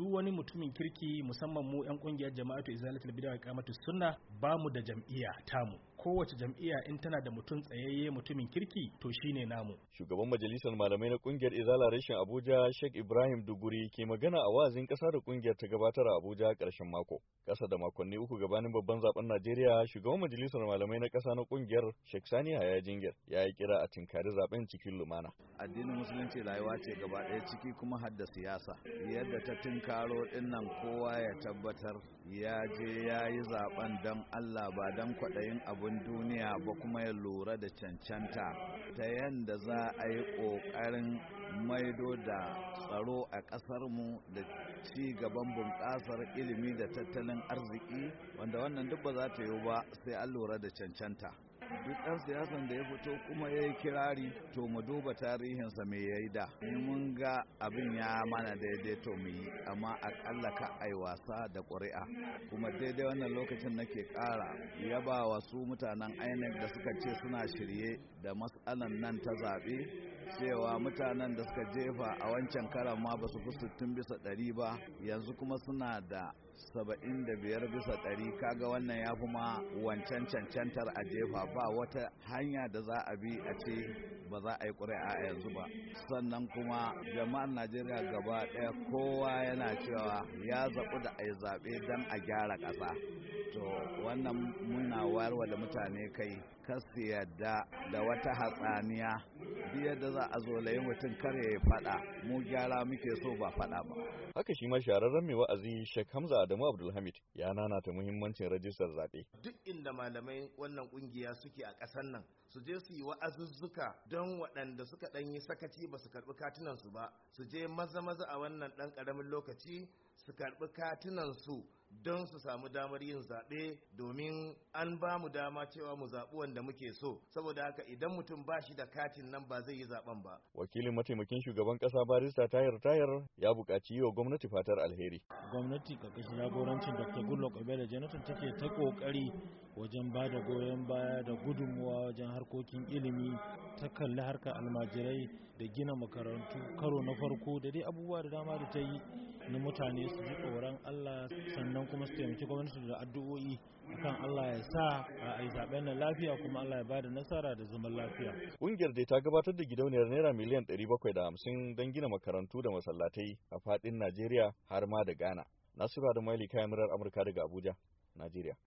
duk wani mutumin kirki musamman mu 'yan kungiyar jama'atu izalatul bid'a wa iqamatus sunna ba mu da jam'iyya tamu kowace jam'iyya in tana da mutum tsayayye mutumin kirki to shine namu shugaban majalisar malamai na kungiyar izala reshen abuja sheikh ibrahim duguri ke magana a wazin kasa da kungiyar ta gabatar a abuja karshen mako kasa da makonni uku gabanin babban zaben najeriya shugaban majalisar malamai na kasa na kungiyar sheikh sani haya jingir ya yi kira a tinkari zaben cikin lumana addinin musulunci rayuwa ce gaba ɗaya ciki kuma hadda siyasa yadda ta tinkaro dinnan kowa ya tabbatar ya je ya yi zaben don allah ba don kwaɗayin abu abin duniya ba kuma ya lura da cancanta ta yadda za a yi ƙoƙarin maido da tsaro a ƙasarmu da ci gaban bunƙasar ilimi da tattalin arziki wanda wannan duk ba za ta yi ba sai an lura da cancanta duk ɗan siyasan da ya fito kuma ya yi kirari to mu duba tarihinsa mai ya yi da mun ga abin ya mana daidai to mu yi amma akalla ka ai wasa da ƙuri'a kuma daidai wannan lokacin nake ƙara yaba wa su mutanen inec da suka ce suna shirye da matsalan nan ta zaɓe cewa mutanen da suka jefa a wancan karan ma ba su fi 60 bisa ɗari ba yanzu kuma suna da saba'in da biyar bisa ɗari kaga wannan ya fi ma wancan cancantar a jefa ba wata hanya da za a bi a ce ba za a yi ƙuri'a a yanzu ba sannan kuma jama'ar najeriya gaba ɗaya kowa yana cewa ya zaɓu da a yi zaɓe don a gyara ƙasa to wannan muna warwa da mutane kai kasu yadda da wata hatsaniya biyar da za a zo layi mutum kar ya yi faɗa mu gyara muke so ba faɗa ba haka shi ma shararren mai wa'azi shek hamza Adamu Abdulhamid ya nanata muhimmancin rajistar zaɓe. Duk inda malamai wannan ƙungiya suke a ƙasar nan su je su yi wa'azuzzuka don waɗanda suka ɗan yi sakaci ba su karɓi katunansu ba su je maza maza a wannan ɗan ƙaramin lokaci su karɓi katunansu don su samu damar yin zaɓe domin an ba mu dama cewa mu zaɓi wanda muke so saboda haka idan mutum ba shi da katin nan ba zai yi zaɓen ba. Wakilin mataimakin shugaban ƙasa barista tayar tayar ya buƙaci yi wa gwamnati fatar alheri. Gwamnati ƙarƙashin jagorancin Dr. Goodluck Obele Jonathan take ta ƙoƙari wajen ba da goyon baya da gudunmuwa wajen harkokin ilimi ta kalli harkar almajirai da gina makarantu karo na farko da dai abubuwa da dama da ta yi na mutane su ji tsoron Allah sannan kuma su taimaki gwamnati da addu'o'i akan Allah ya sa a yi zaben nan lafiya kuma Allah ya bada nasara da zaman lafiya. Ƙungiyar dai ta gabatar da gidauniyar naira miliyan 750 don gina makarantu da masallatai a faɗin Najeriya har ma da Ghana. Nasiru da Ali kayan murar Amurka daga Abuja, Najeriya.